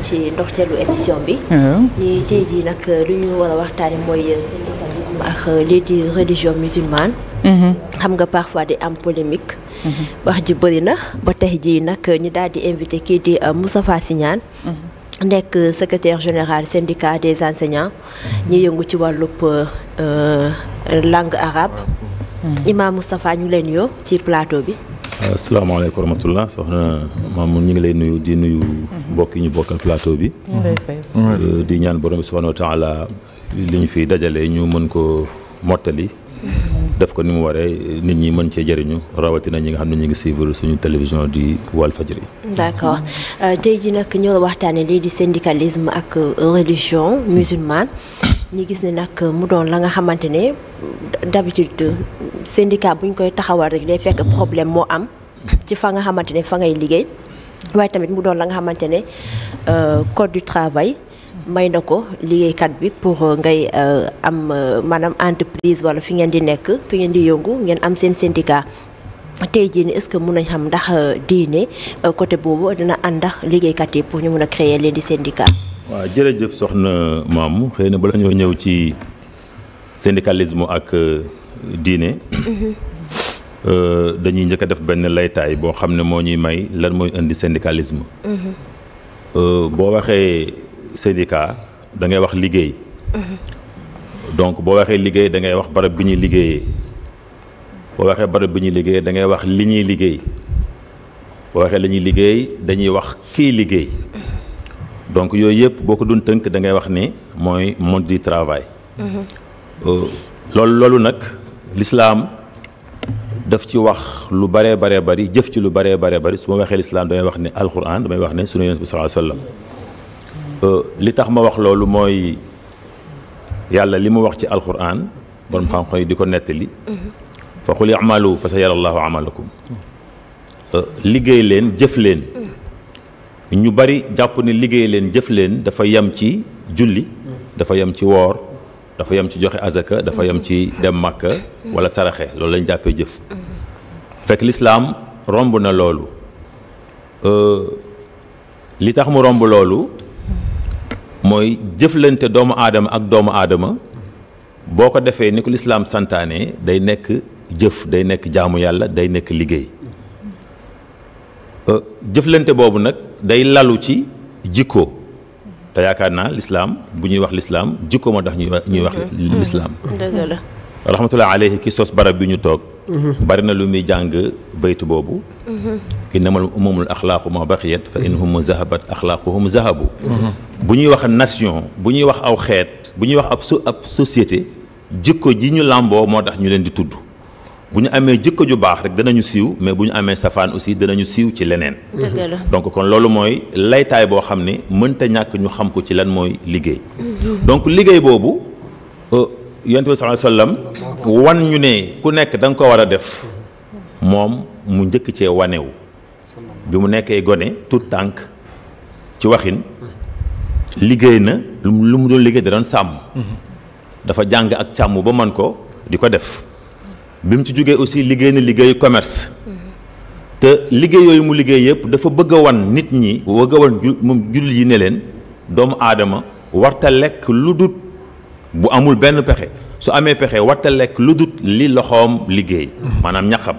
ci ndoxteelu émission bi. ni tey jii nag euh, lu ñu war a waxtaanee mooy euh, syndicalisme ak euh, lii di religion musulmane. Mhm. xam nga parfois di am polémique. Mhm. wax ji bëri na ba tey jii nag ñu daal di invité kii di Moustapha Signane. Mhm. nekk secrétaire général syndicat des enseignants ñi yëngu ci wàllub langue arabe. Imam Moustapha ñu leen yoo ci plateau bi. asalaamaaleykum wa rahmatulah soxna Mamour ñu ngi lay nuyu di nuyu mbokk yi ñu bokkal plateau bi. Euh, di ñaan borom bi subhaanahu wa taala li ñu fi dajale ñu mën ko mottali. def ko ni mu waree nit ñi mën cee jëriñu rawatina ñi nga xam ne ñu ngi si suivre suñu télévision di Walfadjri. d' accord euh, tey ji nag ñoo waxtaanee lii di syndicalisme ak euh, religion musulmane ñu gis ne nag mu doon la nga xamante ne d' syndicat bu ñu koy taxawal rek day fekk problème moo am ci fa nga xamante ne fa ngay liggéey waaye tamit mu doon la nga xamante ne euh, code du travail may na ko liggéeykat bi pour euh, ngay euh, am maanaam entreprise wala fi ngeen di nekk fi ngeen di yëngu ngeen am seen syndicat. tey jii nii est-ce que mun nañ xam ndax diine côté boobu dina ànd ndax liggéeykat yi pour ñu mun a créer leen di syndicat. waaw jërëjëf soxna maam xëy na bala ñoo ñëw ci syndicalisme ak. diine euh, dañuy njëkk a def benn laytaay boo xam ne moo ñuy may lan mooy indi syndicalisme euh, boo waxee syndicat da ngay wax liggéey donc boo waxee liggéey da ngay wax barab bi ñuy liggéeyee boo waxee barab bi ñuy liggéey da wax li ñuy liggéey boo waxee lañuy liggéey dañuy wax kii liggéey donc yooyu yëpp boo ko doon tënk da ngay wax ni mooy monde di travail euh, loolu loolu nag lislaam daf ci wax lu baree baree bari jëf ci lu baree baree bari su ma waxee lislaam damay wax ni alquran damay wax ne sunu yonent bi sallallahu alayhi euh, li tax ma wax loolu mooy yàlla li mu wax ci alxuraan borom xam-xam yi di ko nettali fa qul i'malu fa sayara Allahu amalakum euh, liggéey leen jëf leen ñu bari jàpp ni liggéey leen jëf leen dafa yem ci julli dafa yem ci woor dafa yem ci joxe azaka dafa yem ci dem màkk wala saraxe loolu lañ jàppee jëf fekk lislaam romb na loolu euh, li tax mu romb loolu mooy jëflante doomu aadama ak doomu aadama boo ko defee ni ko lislaam santaane day nekk jëf day nekk jaamu yàlla day nekk liggéey euh, jëflante boobu nag day lalu ci jikko te yaakaar naa lislaam bu ñuy wax lislaam jikko moo tax ñuy wax ñuy wax hmm. lislaam hmm. dëgg la ki sos barab bi ñu toog hmm. bari na lu muy jàng baytu boobu innamal umamul axlaaqu ma baqiyat fa inhum zahabat axlaaquhum zahabu bu ñuy wax nation bu ñuy wax aw xeet bu ñuy wax ab ab société jikko ji ñu làmboo moo tax ñu leen di tudd bu ñu amee jikko ju baax rek danañu siiw mais bu ñu amee safaan aussi danañu siiw ci leneen. donc kon loolu mooy laytaay boo xam ne mënta ñàkk ñu xam ko ci lan mooy liggéey. Mhm. donc liggéey boobu euh, yonent bi sallallahu alayhi wa wan ñu ne ku nekk da nga ko war a def moom mu njëkk cee wanewu bi mu nekkee gone tout tànk ci waxin liggéey na lu mu doon liggéey da doon sàmm. Mhm. dafa jàng ak càmm ba man ko di ko def. bi mu ci jógee aussi liggéey na liggéeyu commerce te liggéey yooyu mu liggéey yëpp dafa bëgg wan nit ñi bëgg a wan moom jullit yi ne leen doomu aadama warta lekk lu dut bu amul benn pexe su amee pexe war ta lekk lu dut li loxoom liggéey maanaam ñaxam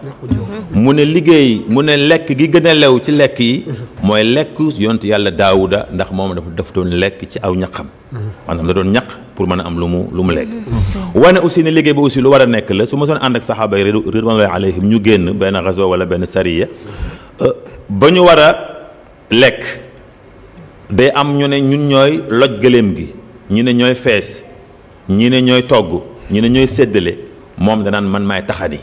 mu ne liggéey mu ne lekk gi gën a lew ci lekk yi mooy lekk yont yàlla daawuda ndax moom dafa daf doon lekk ci aw ñaqam maanaam da doon ñaq pour mën a am lu mu lu mu lekk wane aussi ne liggéey ba aussi lu war a nekk la su ma soon ànd ak saxaaba yi ridwanullahi alayhim ñu génn benn gazwa wala benn sariya euh, ba ñu war a lekk day am ñu ne ñun ñooy loj gëléem gi ñu ne ñooy fees ñi ne ñooy togg ñu ne ñooy séddale moom danaan man may taxani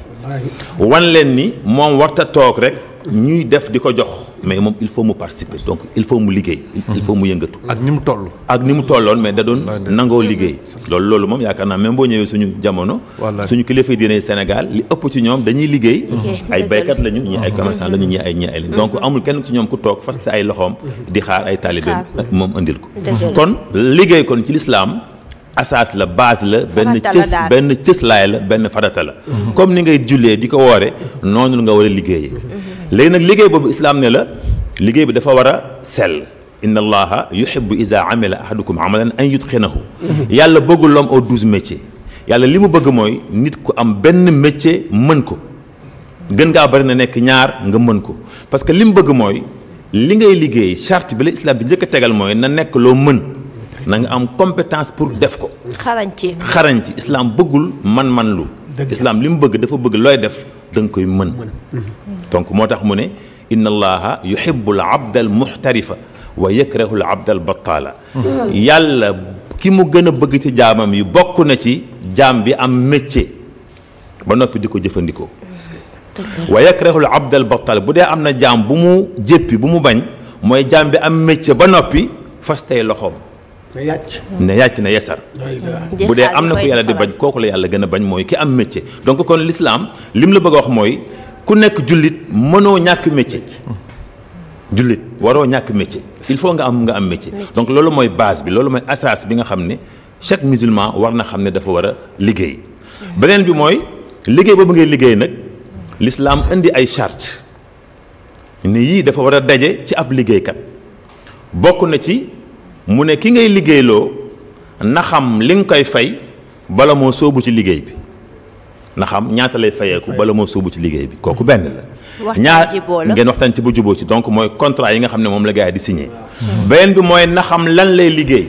wan leen ni moom warta toog rek ñuy def di ko jox mais moom il faut mu participer donc il faut mu liggéey il faut mu yëngatu ak ni mu toll ak ni mu tolloon mais da doon nangoo liggéey loolu loolu moom yaakaar naa même boo ñëwee suñu jamono suñu kilifa diine Sénégal li ëpp ci ñoom dañuy liggéey ay baykat lañu ñi ay commerçant lañu ñi ay ñi ay lañu donc mhm. amul kenn ci ñoom ku toog faste ay loxoom di xaar ay taalibeem moom indil ko kon liggéey asaas la baas la benn cës benn cëslaay la benn farata la comme ni ngay jullee di ko woore noonu nga war a liggéeyee léegi nag liggéey boobu islaam ne la liggéey bi dafa war a sel sell inna allaha yuhibbu iza amila ahadukum amalan an yutqinahu yàlla bëggul l'homme aux douze métiers yàlla li mu bëgg mooy nit ku am benn métier mën ko gën ngaa bari na nekk ñaar nga mën ko parce que li mu bëgg mooy li ngay liggéey charte bi la islam bi njëkk a tegal mooy na nekk loo mën na nga am compétence pour def ko. xarañ ci xarañ ci islam bëggul man-man lu. islam li mu bëgg dafa bëgg looy def danga nga koy mën. donc moo tax mu ne. inna allaha yuhibbul abdal muxtarifa wa yakrahul abdal battaala yàlla ki mu gën a bëgg ci jaamam yi bokk na ci jaam bi am métier ba noppi di ko jëfandikoo. wa yakrahul abdal battaal bu dee am na jaam bu mu jéppi bu mu bañ mooy jaam bi am métier ba noppi fas tey loxoom. na yàcc ne yàcc na yesar bu dee am na ko yàlla di bañ kooku la yàlla gën a bañ mooy ki am métier donc kon l'islam lim la bëgg a wax mooy ku nekk jullit mënoo ñàkk métier jullit waroo ñàkk métier il faut nga am nga am métier donc loolu mooy base bi loolu mooy asas bi nga xam ne chaque musulman war na xam ne dafa war a liggéey beneen bi mooy liggéey boobu ngay liggéey nag lislaam indi ay charte ne yii dafa war a daje ci ab liggéeykat bokk na ci mu ne ki ngay liggéeyloo na xam li nga koy fay bala moo soobu ci liggéey bi naxam ñaata lay fayeeku bala moo sóobu ci liggéey bi kooku benn la. ñaar ngeen waxtaan ci bu juboo ci donc mooy contrat yi nga xam ne moom la gars yi di signé. beneen bi mooy na xam lan lay liggéey.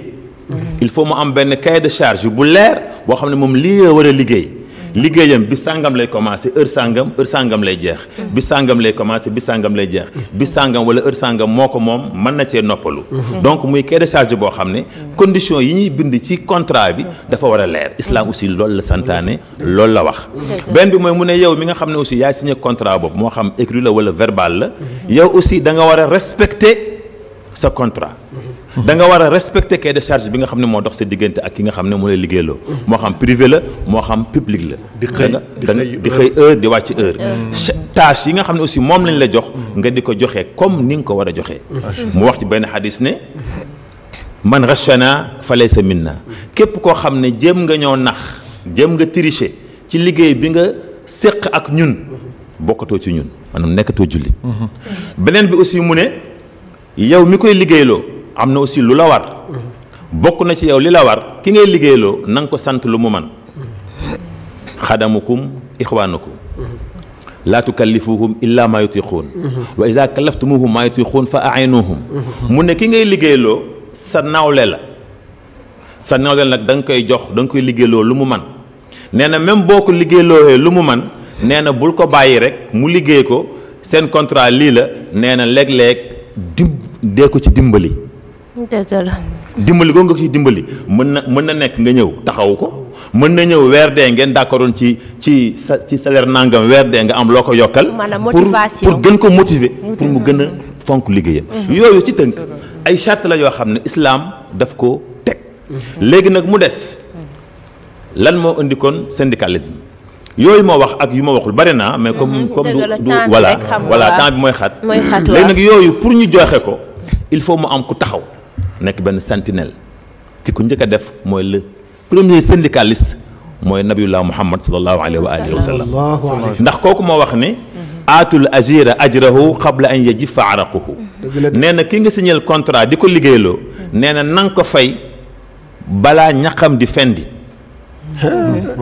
Mm-hmm. il faut mu am benn cahier de charge bu leer boo xam ne moom lii la war a liggéey. liggéeyam bi sàngam lay commencé heure sàngam heure sàngam lay jeex mm-hmm. bi sàngam lay commencé bi sàngam lay jeex mm-hmm. bi sàngam wala heure sàngam moo ko moom mën na cee noppalu mm-hmm. donc muy cahier de charge boo xam ne condition yi ñuy bind ci contrat bi dafa war a leer islam aussi loolu la santaane loolu la wax benn bi mooy mu ne yow mi nga xam ne aussi yaay signé contrat boobu moo xam écrit la wala verbal la yow aussi da nga war a respecter sa contrat da nga war a respecter cahier charge bi nga xam ne moo dox sa diggante ak ki nga xam ne moo lay liggéeyloo moo xam privé la moo xam public la di xëy da nga di xëy heure di wàcc heure mm. tâche yi nga xam ne aussi moom lañ la jox nga di ko joxee comme ni nga ko war a joxee mu wax ci benn xadis ne man naa rachana falaysa minna képp koo xam ne jéem nga ñoo nax jëm nga tricher ci liggéey bi nga séq ak ñun bokkatoo ci ñun maanaam nekkatoo jullit mm-hmm. beneen bi aussi mu ne yow mi koy liggéeyloo am na aussi lu la war bokk na ci yow li la war ki ngay liggéeyloo na nga ko sant lu mu man xadamukum ixwaanukum laa tukallifuhum illa maa yutiquun wa ida kallaftumuhum maa yutiquun fa ainuhum mu ne ki ngay liggéeyloo sa nawle la sa nawle nag danga koy jox danga nga koy liggéeyloo lu mu man nee na même boo ko liggéeylooyee lu mu man nee na bul ko bàyyi rek mu liggéey ko seen contrat lii la nee na léeg-léeg dim dee ko ci dimbali dëgg la. dimbali ko nga ciy dimbali mën na mën na nekk nga ñëw taxaw ko mën na ñëw weer de ngeen d'accordoon ci ci sa ci salaire nangam weer de nga am loo ko yokkal. maanaam motivation pour gën ko motiver. pour mu gën a fonk liggéeyam. Mm-hmm. yooyu ci tënk ay charte la yoo xam ne islam daf ko teg. Mm-hmm. léegi nag mu des. lan moo indi kon syndicalisme yooyu ma wax ak yu ma waxul bari naa mais comme mm-hmm. comme du du voilà voilà temps bi mooy xat léegi nag yooyu pour ñu joxe ko il faut mu am ku taxaw nekk benn sentinelle ki ku njëkk a def mooy le premier syndicaliste mooy nabiyullah muhammad sallallahu alayhi wa alihi ndax kooku moo wax ne aatul ajira ajrahu qabla an yajifa araquhu nee na ki nga signal contrat di ko liggéeyloo nee na nanga ko fay balaa ñaxam di fendi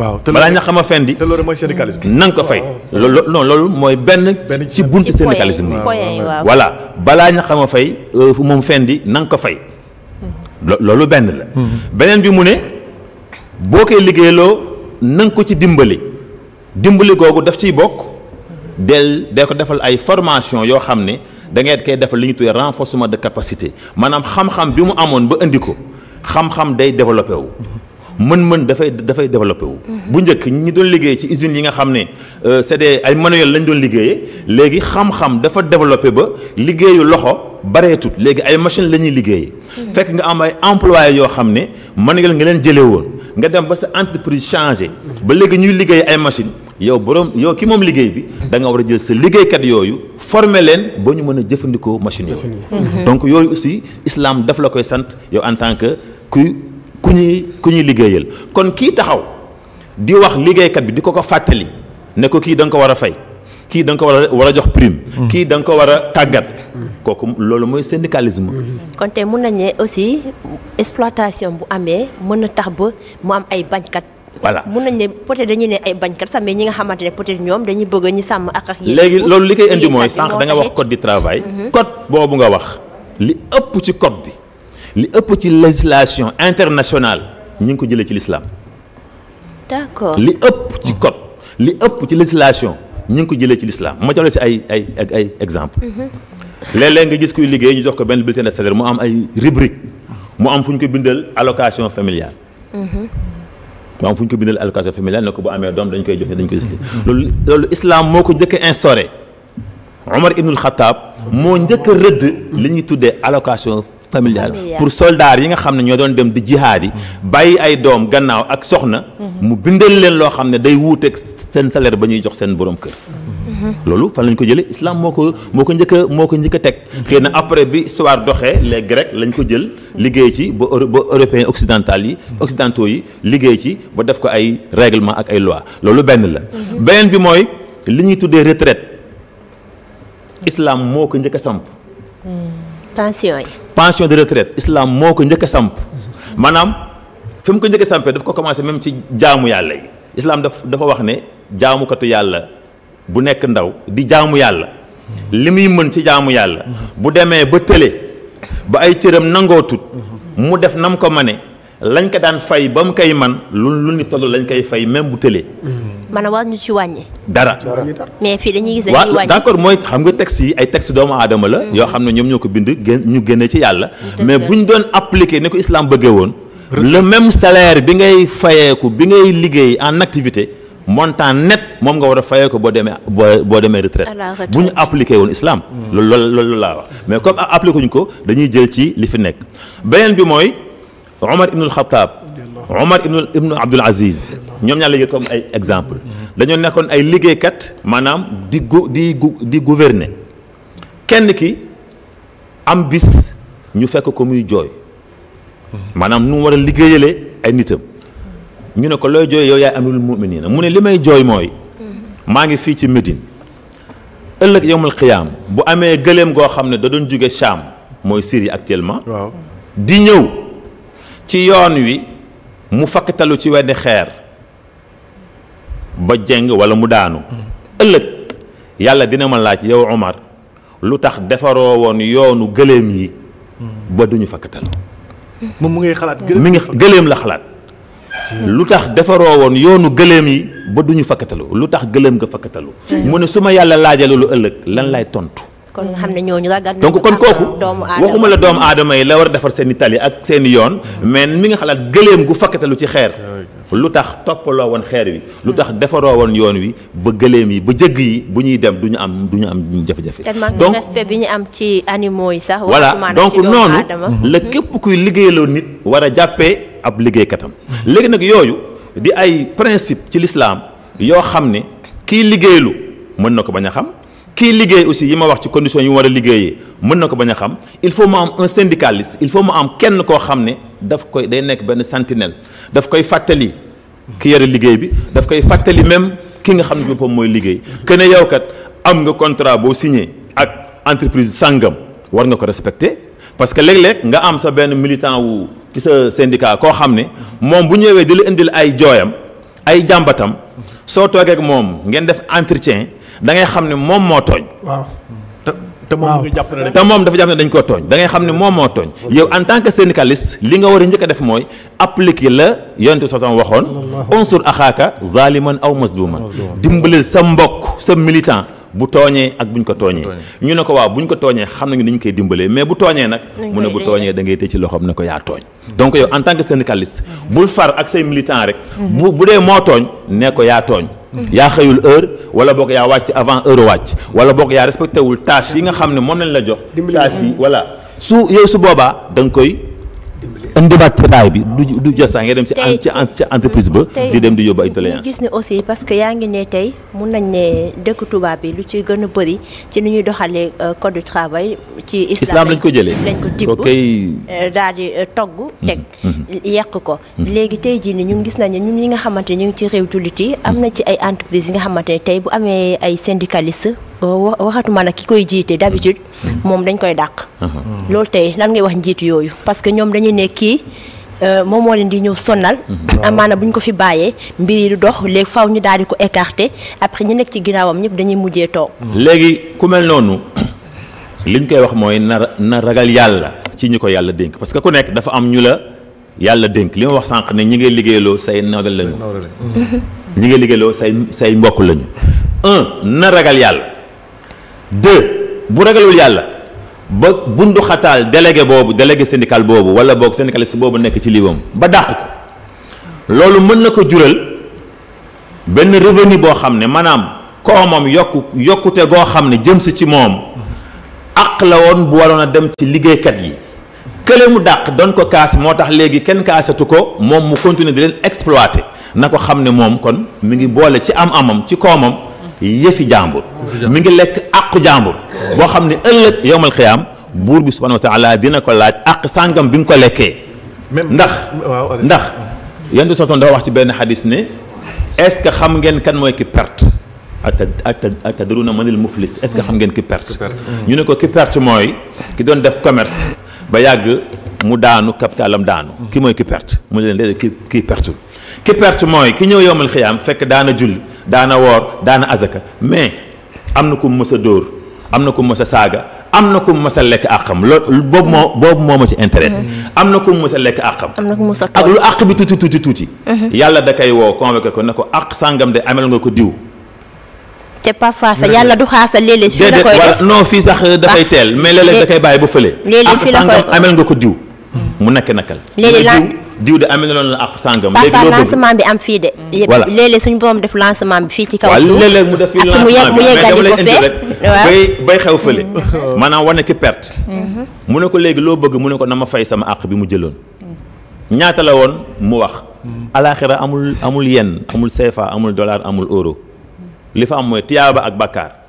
waaw te balaa ñaxam a fendi te loolu mooy syndicalisme ko fay loolu non loolu ci buntu syndicalisme yi voilà balaa ñaxam fay euh, moom fendi nang ko fay loolu benn la. beneen bi mu ne boo koy liggéeyloo na nga ko ci dimbali dimbali googu daf ciy bokk del dee ko defal ay formation yoo xam ne da ngay koy defal li ñu tuddee renforcement de capacité maanaam xam-xam bi mu amoon ba indi ko xam-xam day développé wu. mën-mën dafay dafay développé wu. bu njëkk ñi doon liggéey ci usines yi nga xam ne euh, c'est des ay manuel lañ doon liggéeyee léegi xam-xam dafa développé ba liggéeyu loxo bareetut léegi ay machine la ñuy liggéeyee. Hmm. fekk nga am ay employés yoo xam ne manuel nga leen jëlee woon nga dem ba sa entreprise changé. ba léegi ñuy liggéey ay machine yow borom yow ki moom liggéey bi da war a jël sa liggéeykat yooyu former leen ba ñu mën a jëfandikoo machine yooyu. Hmm. donc yooyu sant yow en tant que ku ñuy ku ñuy liggéeyal kon kii taxaw di wax liggéeykat bi di ko ko fàttali ne ko kii da ko war a fay kii da nga ko war a war a jox prime. Mm. kii da nga ko war a tàggat. kooku loolu mooy syndicalisme. Mm-hmm. kon tey mun nañu ne aussi exploitation bu amee mën na tax ba mu am ay bañkat. voilà mun nañu ne peut-être dañuy ne ay bañkat sax mais ñi nga xamante ne peut-être ñoom dañuy bëgg ñu sàmm ak ak. léegi loolu li koy indi mooy sànq da nga wax code di travail. Mm-hmm. code boobu nga wax li ëpp ci code bi. li ëpp ci législation international ñi ngi ko jëlee ci l'islam d'accord li ëpp ci code li ëpp ci législation ñi ngi ko jëlee ci l'islam ma jox si ci ay ay ay exemple mhm. léeg nga gis kuy liggéey ñu jox ko benn bulletin de salaire mu am ay rubrique mu am fu ñu ko bindal allocation familiale mhm. mu am fu ñu ko bindal allocation familiale ne ko bu amee doom dañ koy joxe dañ koy joxe loolu loolu islam moo ko njëkk a instauré Ibnul Khattab moo njëkk a rëdd li ñuy tuddee allocation familial pour soldaar yi nga xam ne ñoo doon dem di jihaad yi bàyyi ay doom gannaaw ak soxna mu bindal leen loo xam ne day wuuteeg seen salaire ba ñuy jox seen borom kër loolu fan lañ ko jëlee islaam moo ko moo ko njëkk moo ko njëkk teg xëy na après bi histoire doxee les grecs lañ ko jël liggéey ci ba ba européen occidental yi occidentaux yi liggéey ci ba def ko ay règlement ak ay loi loolu benn la beneen bi mooy li ñuy tuddee retraite islam moo ko njëkk a samp pension de retraite islam moo ko njëkk a samp maanaam fi mu ko njëkk a sampee daf ko commencé même ci jaamu yàlla yi islam daf dafa wax ne jaamukatu yàlla bu nekk ndaw di jaamu yàlla li muy mën ci jaamu yàlla bu demee ba tële ba ay cëram nangoo tut mu def nam ko mane lañ ko daan fay ba mu koy man lu lu ni toll lañ koy fay même bu tëlee maanaam war ñu ci wàññi. dara mais fii dañuy gis dañuy wàññi. d'accord mooy xam nga texte yi ay texte doomu aadama la. yoo xam ne ñoom ñoo ko bind gën ñu génne ci yàlla. mais bu ñu doon appliquer ni ko islaam bëggee woon. le même salaire bi ngay fayeeku bi ngay liggéey en activité montant net moom nga war a fayee ko boo demee boo boo demee retraite bu ñu appliqué woon islam. Hmm. loolu loolu loolu laa wax mais comme appliqué ko dañuy jël ci li fi nekk beneen bi mooy Omar Ibn Khattab Omar ibnu ibnu Abdul Aziz ñoom ñaa la jël comme ay exemple dañoo nekkoon ay liggéeykat maanaam di gu di gu di gouverner kenn ki am bis ñu fekk ko muy jooy maanaam nu mu war a liggéeyalee ay nitam ñu ne ko looy jooy yow yaay amirul mu'minin mu ne li may jooy mooy maa ngi fii ci Médine ëllëg yowmal xiyaam bu amee gëléem goo xam ne da jóge Cham mooy Syrie actuellement di ñëw ci yoon wi mu fakkatalu ci wenn xeer ba jeng wala mu daanu ëllëg yàlla dina ma laaj yow Omar lu tax defaroo woon yoonu gëléem yi ba duñu fakkatalu moom mu xalaat gëléem mi ngi gëléem la xalaat lu tax defaroo woon yoonu gëléem yi ba duñu fakkatalu lu tax gëléem ga fakkatalu mu ne su yàlla laajee ëllëg lan laay tontu kon nga mm-hmm. xam ne ñooñu ragal donc kon kooku waxuma la doomu aadama yi la war a defar seen tali ak seeni yoon mais mi nga xalaat gëléem gu fakkatalu ci xeer lu tax toppaloo woon xeer wi lu tax defaroo woon yoon wi ba gëléem yi ba jëgg yi bu ñuy dem du ñu am du ñu am jafe-jafe donc respect ñu am ci animaux yi sax voilà donc noonu la mm-hmm. képp kuy liggéeyaloo nit war a jàppee ab liggéey liggéeykatam léegi nag yooyu di ay principe ci lislaam yoo xam ne kiy liggéeyalu mën na ko bañ a xam kii liggéey aussi yi ma wax ci condition yi mu war a liggéeyee mën na ko bañ a xam il faut mu am un syndicaliste il faut mu am kenn koo xam ne daf koy day nekk benn sentinelle daf koy fàttali ki yore liggéey bi daf koy fàttali même ki nga xam ne boppam mooy liggéey que yow kat am nga contrat boo signé ak entreprise sàngam war nga ko respecter parce que léeg-léeg nga am sa benn militant wu ci sa syndicat koo xam ne moom bu ñëwee di la indil ay jooyam ay jàmbatam. soo toogee moom ngeen def entretien da ngay xam ne moom moo tooñ. waaw te te moom dafa jàpp ne dañ koo tooñ da ngay xam ne moom moo tooñ. yow en tant que syndicaliste li nga war a njëkk a def mooy appliquer la yonent soo tam waxoon. unsur axaaka zaliman aw mazluman dimbalil sa mbokk sa militant. bu tooñee ak buñ ko tooñee ñu ne ko waaw buñ ko tooñee xam nañu ni ñu koy dimbalee mais bu tooñee nag mu ne bu tooñee da ngay tëj ci loxoom ne ko yaa tooñ donc yow en tant que syndicaliste bul far ak say militant rek dee moo tooñ nee ko yaa tooñ yaa xëyul heure wala boog yaa wàcc avant heure wàcc wala boog yaa respecté wul tâche yi nga xam ne moom nañ la jox tâche yi voilà su yow su boobaa da nga koy indiwaat ba raay bi du du jël sax nga dem ci ci entreprise ba di dem di yóbbu ay doléance gis ne aussi parce que yaa ngi ne tey mun nañ ne dëkk tubaab yi lu ci gën a bëri ci ni ñuy doxalee euh, code du travail ci islam lañ ko jëlee lañ ko tibb euh, daal di euh, togg mhm. teg mhm. yàq ko mhm. léegi tey jii ni ñun gis nañu ñu ñi nga xamante ne ñu ngi ci réew jullit yi am na ci ay entreprise yi nga xamante ne tey bu amee ay syndicaliste waxatuma nag ki koy jiite d'habitude mm-hmm. moom dañ koy dàq. Uh-huh. loolu tey lan ngay wax njiit yooyu parce que ñoom dañuy nekk kii euh, moom moo leen di ñëw sonal. Mm-hmm. amaana bu ñu ko fi bàyyee mbir yi du dox léegi faw ñu daal di ko écarter après ñu nekk ci ginnaawam ñëpp dañuy mujjee toog. Mm-hmm. léegi ku mel noonu liñ koy wax mooy na na ragal yàlla. ci ñu ko yàlla dénk parce que ku nekk dafa am ñu la yàlla dénk li ma wax sànq ne ñu ngay liggéeyaloo say nawle lañu. ñi ngay liggéeyloo say say mbokk lañu. ragal yàlla. deux bu ragalul yàlla ba bundu xataal délégué boobu délégué syndical boobu wala boog syndicaliste boobu nekk ci liiwam ba dàq ko loolu mën na ko jural benn revenu boo xam ne maanaam koomam yokku yokkute goo xam ne jëm si ci moom àq la woon bu waroon a dem ci liggéeykat yi kële mu dàq doon ko kaas moo tax léegi kenn kaasatu ko moom mu continuer di leen exploiter na ko xam ne moom kon mu ngi boole ci am-amam ci koomam yëfi jàmbur mi ngi lekk àqu jàmbur boo xam ne ëllëg yowmal xiyaam buur bi subhanahu wa taala dina ko laaj àq sàngam bi nga ko lekkee ndax ndax yan di soson dafa wax ci benn xadis ne est-ce que xam ngeen kan mooy ki perte ata ata atadruna manil muflis est-ce que xam ngeen ki perte mm. ñu ne ko ki perte mooy ki doon def commerce ba yàgg mu daanu capitalam daanu mm. ki mooy ki perte mu ne leen déedéet ki kii pertul ki perte mooy ki ñëw yowmal xiyaam fekk daana julli daana woor daana azaka mais am na ku mës a dóor am na ku mës a saaga am na ku mu a lekk àqam loolu boobu moo boobu moo ma ci intéressé am na ku mës a lekk àqam ak lu àq bi tuuti tuuti tuuti uh-huh. yàlla da koy woo convoqué ko na ko àq sàngam de ameel nga ko diw te parfois sax yàlla du xaasa léeg-léeg fii la koy def non fii sax euh, dafay ah. teel mais léeg-léeg da koy bàyyi ba fële àq sàngam ameel nga ko diw mu nekk nakal léeg-léeg diw de amee na loolu la ak sàngam. léegi loo bëgg bi am fii de. Mm. voilà léeg-léeg suñu borom def lancement bi fii ci kaw suuf. léeg-léeg mu def fi lancement bi mais dama lay indi rek bay bay xew fële. Mm-hmm. Mm-hmm. maanaam wane ki perte. Mm-hmm. mu ne ko léegi loo bëgg mu ne ko na ma fay sama àq bi mu jëloon. ñaata la woon mu wax. alaaxira amul amul yenn amul CFA amul dollar amul euro. li fa am mooy tiyaaba ak bakkaar.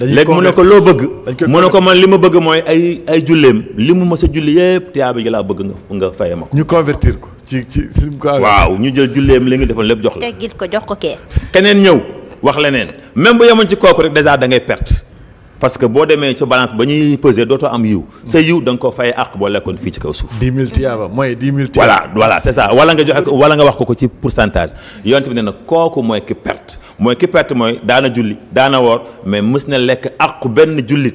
léegi mu ne ko loo bëgg mu ne ko man li ma bëgg mooy ay ay julleem li mu mës a julli yëpp tiyaaba ji laa bëgg nga nga faye ma ko ñu convertir ko ci ci ko waaw ñu jël julleem li nga defoon lépp jox la teggil ko jox ko kee keneen ñëw wax leneen même bu yemoon ci kooku rek dèjà da ngay perte parce que boo demee ca balance ba ñuy peser dootoo am yiw sa yiw da nga ko fay boo lekkoon fii ci kaw suuf. 10 000 tiyaaba mooy 10 000 wala nga joxe ko wala nga wax ko ko ci pour pourcentage yonent bi ne na kooku mooy ki perte mooy ki perte mooy daana julli daana woor mais mës na lekk àqu benn jullit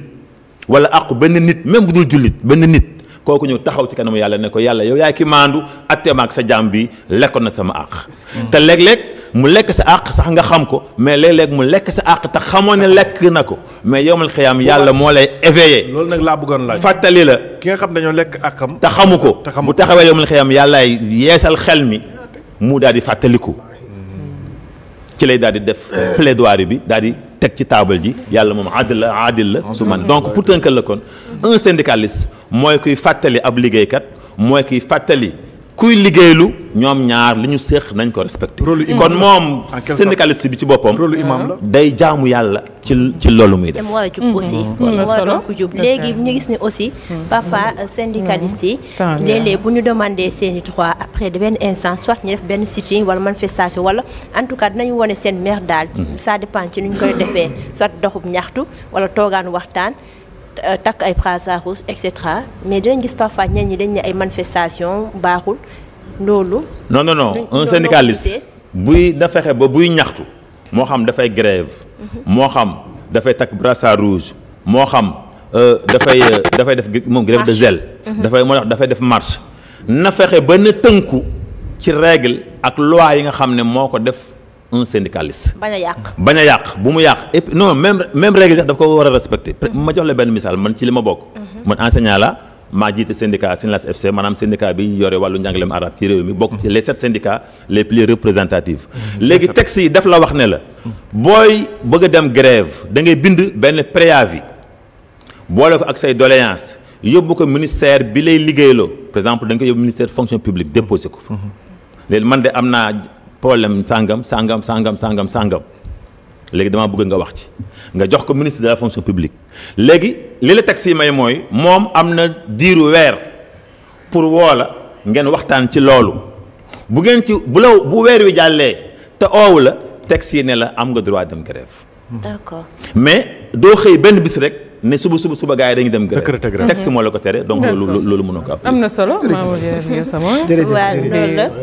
wala àqu benn nit même bu dul jullit benn nit. kooku ñëw taxaw ci kanamu yàlla ne ko yàlla yow yaay ki maandu atteem ak sa jaam bi lekkoon na sama àq mm. te léeg-léeg mu lekk sa àq sax nga xam ko mais léeg-léeg mu lekk sa àq te xamoon ne lekk na ko mais yowmal xiyaam yàlla moo lay éveillé loolu nag laa bëggoon laaj fàttali la ki nga xam dañoo lekk àqam te xamu ko bu taxawee yowmal xiyaam yàllaay yeesal xel mi mu daal di fàttaliku mm. ci lay daal di def eh. plaidoirie bi daal teg ci taabal ji yàlla moom adil la adil la su man donc pour tënkal la kon un syndicaliste mooy kuy fàttali ab liggéeykat mooy kuy fàttali kuy liggéeylu ñoom ñaar li ñu séq nañ ko respecté. kon moom syndicaliste bi ci boppam. rôle imam la day jaamu yàlla ci ci loolu muy def. war a jub aussi. Mm-hmm. Mm-hmm. war a donc jub léegi ñu gis ne aussi. Mm-hmm. parfois euh, syndicaliste yi. léeg-léeg bu ñu demandee seen i droit après benn instant soit ñu def benn sitting wala manifestation wala en tout cas dinañu wane seen mer daal. sa dépend ci nu ñu koy defee soit doxub ñaxtu wala toogaanu waxtaan. Euh, takk ay brassard rouge et cetera mais dinañ gis parfois ñenn ñi dañ ne ay manifestation baaxul loolu. non non non un buy na ba buy ñaxtu moo xam dafay grève mhm. moo xam dafay takk brassard rouge moo xam euh, dafay euh, dafay def moom grève de zèle mhm. dafay moo dafay def marche na ba na tënku ci règle ak loi yi nga xam ne moo ko def un syndicaliste. bañ a yàq bañ a bu mu yàq non même même règle sax daf ko war a respecté. ma jox la benn misaal man ci li ma bokk. Mhm. man enseignant la maa jiite syndicat SYNLAS FC maanaam syndicat bi yore wàllu njàngaleem arab ci réew mi bokk ci les sept syndicats les plus représentatifs. Mhm. léegi texte yi daf la wax ne la. booy bëgg a dem grève da ngay bind benn préavis boole ko ak say doléance yóbbu ko ministère bi lay liggéeyloo par exemple da nga ko yóbbu ministère fonction publique déposé ko problème sàngam sàngam sàngam sàngam sàngam léegi damaa bëgg nga wax ci nga jox ko ministre de la fonction publique léegi li la tax yi may mooy moom am na diiru weer pour woola ngeen waxtaan ci loolu bu ngeen ci bu la bu weer wi jàllee te oowu la tax yi ne la am nga droit dem grève d'accord mais doo xëy benn bis rek. ne suba suba suba gars yi dañuy dem grève texte moo la ko tere donc loolu loolu mënoo ko am na solo jërëjëf la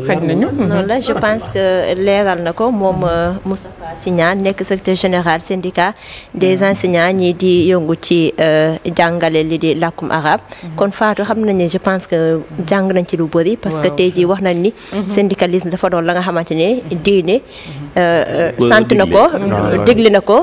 xaj je mhm. pense que leeral na ko moom euh, Moustapha Signan nekk secteur général syndicat des mhm. enseignants ñi di yëngu ci euh, jàngale li di làkkum arabe mhm. kon Fatou xam nañu je pense que jàng nañ ci lu bëri parce que tey jii wax nañ ni syndicalisme dafa doon la nga xamante ne diine euh, sant na ko dégli na ko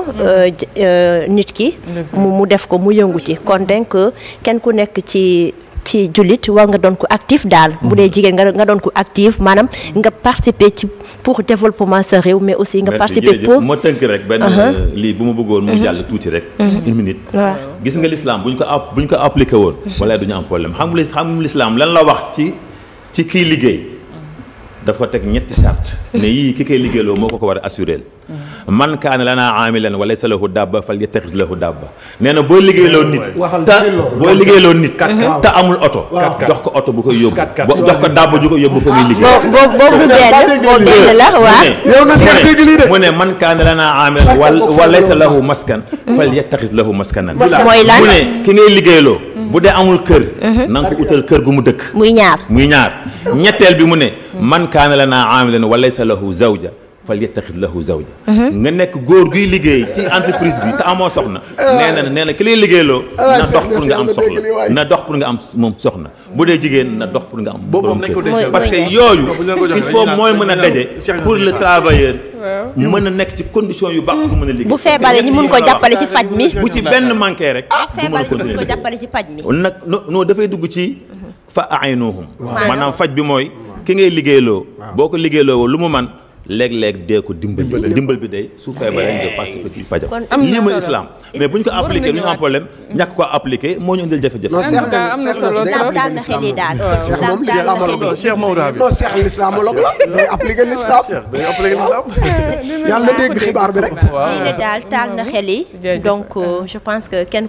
nit ki mu def def ko mu yëngu ci kon kenn ku nekk ci ci jullit war nga doon ko actif daal mm-hmm. bu dee jigéen nga nga doon ko actif maanaam nga participer ci pour développement sa réew mais aussi nga participer pour ma tënk rek benn uh-huh. euh, lii bu ma bëggoon mu mm-hmm. jàll tuuti rek mm-hmm. une minute waaw gis nga l'islam bu ñu ko bu ñu ko appliqué woon wala du ñu am problème xam nga xam nga la wax ci ci kii liggéey daf ko teg ñetti charte ne yii ki koy liggéeyloo moo ko ko war a assuré man kaana lanaa aamilan wa laysa lahu dabba fal yattaxis lahu dabba nee na boo liggéeyloo nit te boo liggéeyloo nit te amul oto jox ko oto bu koy yóbbu jox ko dabba ju ko yóbbu fa muy liggéey boobu benn la mu ne man kaana lanaa aamilan wa laysa lahu maskan fal la lahu maskanan mooy lan mu ne ki ngay liggéeyloo bu dee amul kër na nga ko utal kër gu mu dëkk muy ñaar ñetteel bi mu ne man kaana lanaa aamilan wa laysa lahu zawja fal yettaxis lahu zawja mhm. nga nekk góor guy liggéey ci entreprise bi te amoo soxna ah. nee na nee na ki lay liggéeyloo ah, na dox pour nga am soxla na dox pour nga am moom soxna bu dee jigéen na dox pour nga am borom kër parce que yooyu il faut a daje pour le travailleur mën a nekk ci condition yu baax bu mën a liggéey bu feebaree ñu mun ko jàppale ci faj mi bu ci benn manqué rek bu ah, mën a ko jàppale ci faj mi nag non dafay dugg ci fa aynuhum maanaam faj bi mooy ki ngay liggéeyloo boo ko liggéeyloo lu mu man léeg-léeg dee ko dimbali dimbal bi day su feebaree nga participer ci pajam lii mooy islam mais bu ñu ko appliqué lu ñu am problème ñàkk ko appliqué moo ñu indil jafe-jafe am na solo daal na xel yi daal xibaar bi rek lii ne daal taal na xel yi donc je pense que kenn